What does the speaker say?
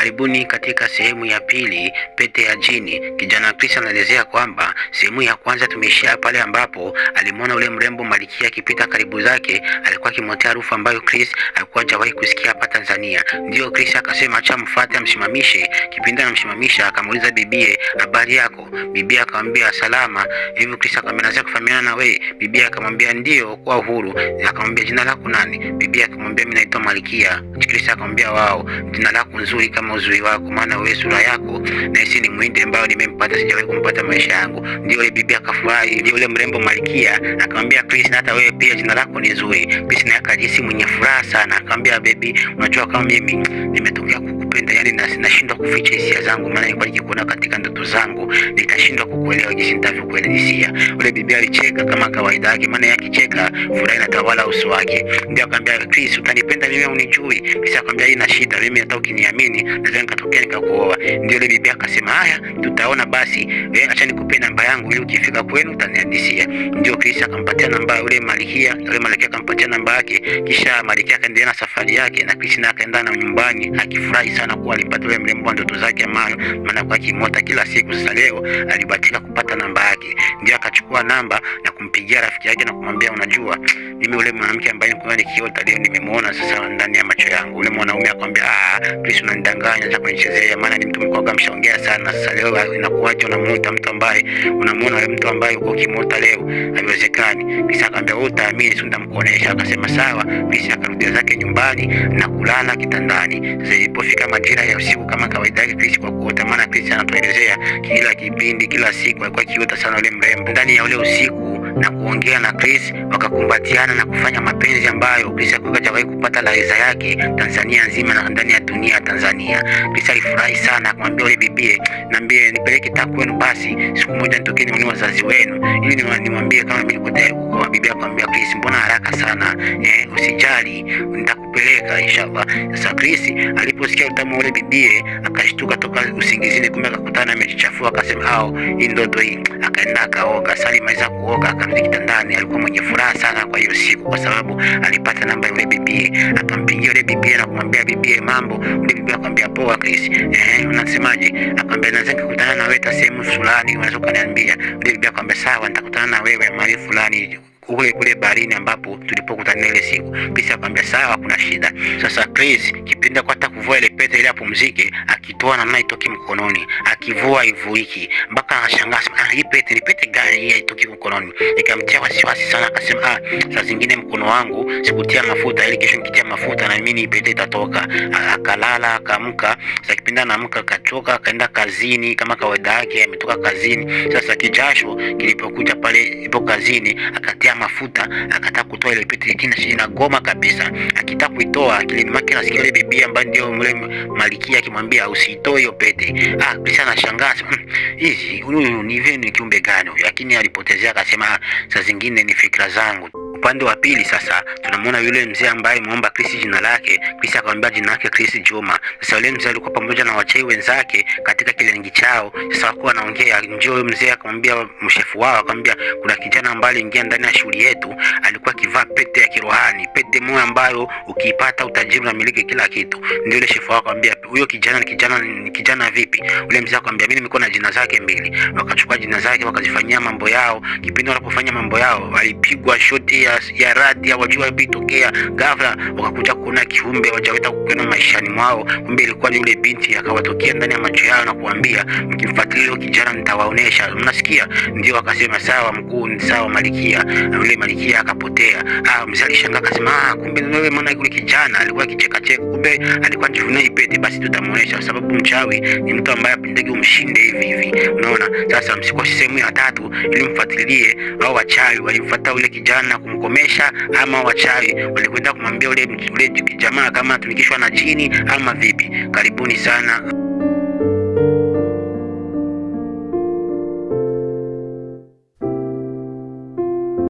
Karibuni katika sehemu ya pili, pete ya jini. Kijana Chris anaelezea kwamba sehemu ya kwanza tumeishia pale ambapo alimwona ule mrembo malikia akipita karibu zake. Alikuwa akimwotea harufu ambayo Chris alikuwa hajawahi kusikia hapa Tanzania. Ndio Chris akasema acha mfuate amsimamishe. Kipindi anamsimamisha akamuuliza bibie, habari yako? Bibie akamwambia salama. Hivyo Chris akamwambia kufahamiana na wewe. Bibie akamwambia ndio, kwa uhuru. Akamwambia jina lako nani? Bibie akamwambia mimi naitwa Malikia. Chris akamwambia wao, jina lako nzuri kama kama uzuri wako, maana wewe sura yako na hisi ni mwindi ambao nimempata, sijawahi kumpata maisha yangu. Ndio ile bibi akafurahi, ndio yule mrembo malkia akamwambia Chris, na hata wewe pia jina lako ni nzuri. naye akajisi mwenye furaha sana, akamwambia baby, unajua kama mimi nimetokea kukupenda, yani na nashindwa kuficha hisia zangu, maana nilikuwa nikikuona katika ndoto zangu, nitashindwa kukuelewa jinsi nitavyokuelezea. Ule bibi alicheka kama kawaida yake, maana yake cheka furaha inatawala uso wake. Ndio akamwambia Chris, utanipenda mimi au unijui? Chris akamwambia, ina shida mimi, hata ukiniamini nadhani katokea nikakuoa. Ndio ile bibi akasema haya, tutaona basi, wewe acha nikupe namba yangu, ili ukifika kwenu utaniandikia. Ndio Chris akampatia namba yule malikia, yule malikia akampatia namba yake, kisha malikia akaendelea na safari yake, na Chris naye akaenda na nyumbani akifurahi sana kuwa alipata yule mrembo wa ndoto zake, ambayo maana kwa kimota kila siku. Sasa leo alibahatika kupata namba yake, ndio akachukua namba na kumpigia rafiki yake na kumwambia, unajua mimi yule mwanamke ambaye nilikuwa nikiota leo nimemwona sasa ndani ya macho yangu. Yule mwanaume akamwambia, ah, Chris unanidanganya sana na kunichezea, maana ni mtu mkoga, mshaongea sana. Sasa leo inakuwaje unamuita mtu ambaye unamuona yule mtu ambaye uko kimota leo, haiwezekani. Kisha akamwambia wewe utaamini, si ndamkuonesha. Akasema sawa, kisha akarudia zake nyumbani na kulala kitandani. Sasa ilipofika majira ya usiku, kama kawaida yake Chris kwa kuota, maana Chris anatuelezea kila kipindi, kila siku alikuwa akiota sana yule mrembo. Ndani ya ule usiku na kuongea na Chris, wakakumbatiana na kufanya mapenzi ambayo Chris hakuwa hajawahi kupata laiza yake Tanzania nzima na ndani ya dunia ya Tanzania. Chris alifurahi sana, akamwambia yule bibie, niambie nipeleke ta kwenu, basi siku moja nitoke nione wazazi wenu ili niwaambie kama mimi niko tayari kuoa. Bibi akamwambia Chris, mbona haraka sana eh, usijali, nitakupeleka inshallah. Sasa Chris aliposikia utamu ule bibie akashtuka toka usingizini, kumbe akakutana amejichafua, akasema hao, hii ndoto hii akaenda akaoga. Salim aweza kuoga akarudi kitandani, alikuwa mwenye furaha sana kwa hiyo siku, kwa sababu alipata namba yule bibie. Akampigia yule bibie na kumwambia bibie, mambo. Yule bibie akamwambia poa Chris, eh, unasemaje? Akamwambia naweza kukutana na wewe sehemu fulani, unaweza kuniambia? Yule bibie akamwambia sawa, nitakutana na wewe mahali fulani ule ule barini ambapo tulipokutana ile siku. Kisha akamwambia sawa, kuna shida sasa. Chris kipindi kwa hata kuvua ile pete ile hapo apumzike, akitoa na naitoki mkononi, akivua ivuiki mpaka anashangaa, ah, hii pete ni pete gani hii haitoki mkononi? Ikamtia wasiwasi sana, akasema ah, saa zingine mkono wangu sikutia mafuta ili kesho nikitia mafuta na mimi pete itatoka. Akalala akaamka, sasa kipindi anaamka akachoka, akaenda kazini kama kawaida yake, ametoka kazini. Sasa kijasho kilipokuja pale ipo kazini akatia mafuta, akataka kutoa ile pete chini chini na goma kabisa. Akitaka kuitoa akilini mwake anasikia ile bibi ambaye ndio mle malikia akimwambia usitoe hiyo pete. Ah, kisha anashangaa hmm, hizi huyu ni vipi, kiumbe gani huyu? Lakini alipotezea akasema, ah, saa zingine ni fikra zangu. Upande wa pili sasa tunamwona yule mzee ambaye muomba Kristo jina lake, Chris akamwambia jina lake Kristo Juma. Sasa yule mzee alikuwa pamoja na wachai wenzake katika kilengi chao. Sasa wakuwa anaongea, njoo yule mzee akamwambia mshefu wao, akamwambia kuna kijana ambaye aliingia ndani ya shughuli yetu, alikuwa akivaa pete ya kirohani sehemu ambayo ukiipata utajiri na miliki kila kitu. Ndio ile shefu akamwambia huyo kijana ni kijana ni kijana vipi? Ule mzee akamwambia mimi niko na jina zake mbili. Wakachukua jina zake wakazifanyia mambo yao. Kipindi walipofanya mambo yao, walipigwa shoti ya, ya radi ya wajua ilipotokea ghafla, wakakuta kuna kiumbe wajaweta kukiona maishani mwao, kumbe ilikuwa ni yule binti akawatokea ndani ya macho yao na kuambia mkifuatilia huyo kijana nitawaonesha. Mnasikia? Ndio akasema sawa mkuu, sawa malikia. Na yule malikia akapotea. Ah, mzee alishangaa akasema ah, ah, kumbe wewe, maana yule kijana alikuwa kicheka cheka, kumbe alikuwa anajivunia ipete, basi tutamuonesha, sababu mchawi ni mtu ambaye apendeki umshinde hivi hivi, unaona. Sasa msikuwa sehemu ya tatu ili mfuatilie wao, wachawi walifuata yule kijana kumkomesha, ama wachawi walikwenda kumwambia yule yule jamaa kama tumikishwa na jini ama vipi? Karibuni sana.